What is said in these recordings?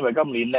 因為今年呢，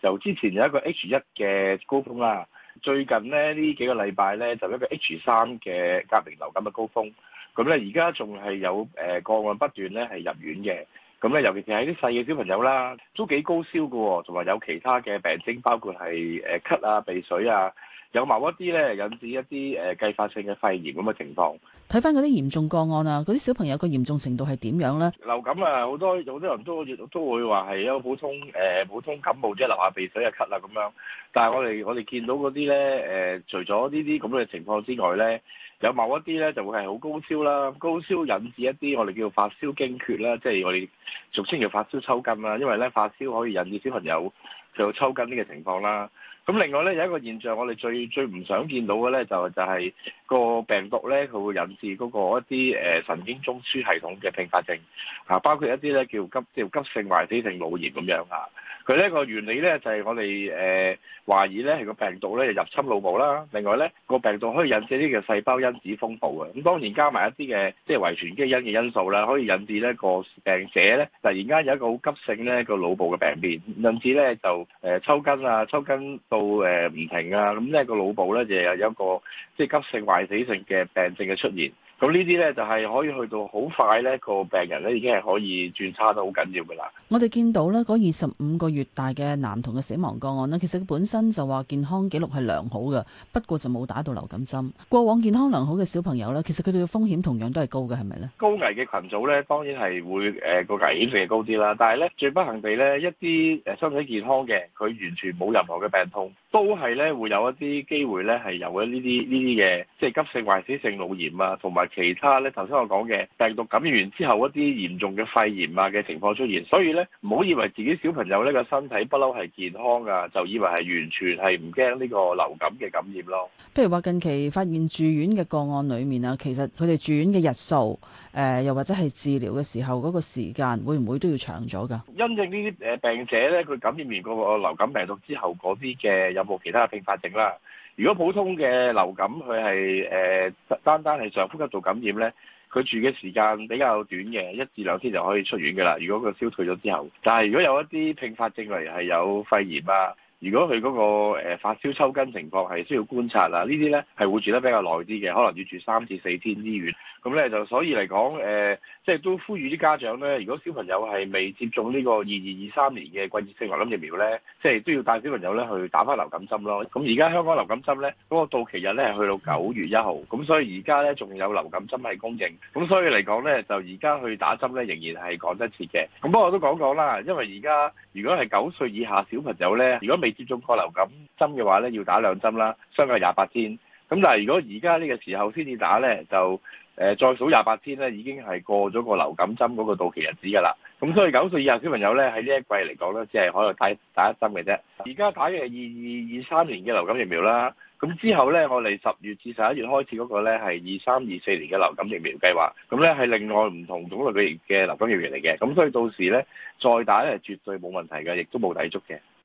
由之前有一個 H 一嘅高峰啦、啊，最近咧呢幾個禮拜呢，就有一個 H 三嘅甲型流感嘅高峰。咁、嗯、呢，而家仲係有誒、呃、個案不斷呢係入院嘅，咁、嗯、呢，尤其是喺啲細嘅小朋友啦，都幾高燒嘅、哦，同埋有其他嘅病徵，包括係誒咳啊、鼻水啊。有某一啲咧，引致一啲誒、呃、繼發性嘅肺炎咁嘅情況。睇返嗰啲嚴重個案啊，嗰啲小朋友個嚴重程度係點樣咧？流感啊，好多好多人都都會話係一個普通誒、呃、普通感冒，即、就、係、是、流下鼻水啊、咳啦咁樣。但係我哋我哋見到嗰啲咧誒，除咗呢啲咁嘅情況之外咧，有某一啲咧就會係好高燒啦，高燒引致一啲我哋叫發燒驚厥啦，即係我哋俗稱叫發燒抽筋啦。因為咧發燒可以引致小朋友就抽筋呢個情況啦，咁另外咧有一個現象我，我哋最最唔想見到嘅咧就係、就係、係、個病毒咧，佢會引致嗰個一啲誒、呃、神經中樞系統嘅併發症，啊，包括一啲咧叫急叫急性壞死性腦炎咁樣啊。佢呢個原理咧就係我哋誒懷疑咧係個病毒咧入侵腦部啦，另外咧個病毒可以引致呢個細胞因子風暴啊，咁當然加埋一啲嘅即係遺傳基因嘅因素啦，可以引致呢個病者咧突然間有一個好急性咧個腦部嘅病變，因此咧就誒抽筋啊，抽筋到誒唔停啊，咁咧個腦部咧就有一個即係急性壞死性嘅病症嘅出現。咁呢啲呢，就係可以去到好快呢，個病人呢，已經係可以轉差得好緊要嘅啦。我哋見到呢，嗰二十五個月大嘅男童嘅死亡個案呢，其實佢本身就話健康記錄係良好嘅，不過就冇打到流感針。過往健康良好嘅小朋友呢，其實佢哋嘅風險同樣都係高嘅，係咪呢？高危嘅群組呢，當然係會誒個危險性高啲啦。但係呢，最不幸地呢，一啲誒身體健康嘅，佢完全冇任何嘅病痛，都係呢會有一啲機會呢，係有咗呢啲呢啲嘅，即係急性壞死性腦炎啊，同埋。其他咧，頭先我講嘅病毒感染完之後一啲嚴重嘅肺炎啊，嘅情況出現，所以咧唔好以為自己小朋友呢個身體不嬲係健康噶，就以為係完全係唔驚呢個流感嘅感染咯。譬如話近期發現住院嘅個案裡面啊，其實佢哋住院嘅日數，誒、呃、又或者係治療嘅時候嗰個時間，會唔會都要長咗噶？因應呢啲誒病者咧，佢感染完個流感病毒之後嗰啲嘅有冇其他嘅併發症啦？如果普通嘅流感，佢係誒單單係上呼吸道感染呢，佢住嘅時間比較短嘅，一至兩天就可以出院㗎喇。如果佢消退咗之後，但係如果有一啲併發症，例如係有肺炎啊。如果佢嗰個誒發燒抽筋情況係需要觀察啦，呢啲呢係會住得比較耐啲嘅，可能要住三至四天醫院。咁呢就所以嚟講，誒即係都呼籲啲家長呢。如果小朋友係未接種呢個二二二三年嘅季節性流感疫苗呢，即係都要帶小朋友呢去打翻流感針咯。咁而家香港流感針呢，嗰個到期日呢去到九月一號，咁所以而家呢仲有流感針係供應，咁所以嚟講呢，就而家去打針呢，仍然係趕得切嘅。咁不過我都講講啦，因為而家如果係九歲以下小朋友呢。如果未接種過流感針嘅話咧，要打兩針啦，相隔廿八天。咁但係如果而家呢個時候先至打咧，就誒、呃、再數廿八天咧，已經係過咗個流感針嗰個到期日子噶啦。咁所以九歲以下小朋友咧，喺呢一季嚟講咧，只係可能打打一針嘅啫。而家打嘅係二二二三年嘅流感疫苗啦。咁之後咧，我哋十月至十一月開始嗰個咧係二三二四年嘅流感疫苗計劃。咁咧係另外唔同種類嘅流感疫苗嚟嘅。咁所以到時咧再打咧絕對冇問題嘅，亦都冇抵觸嘅。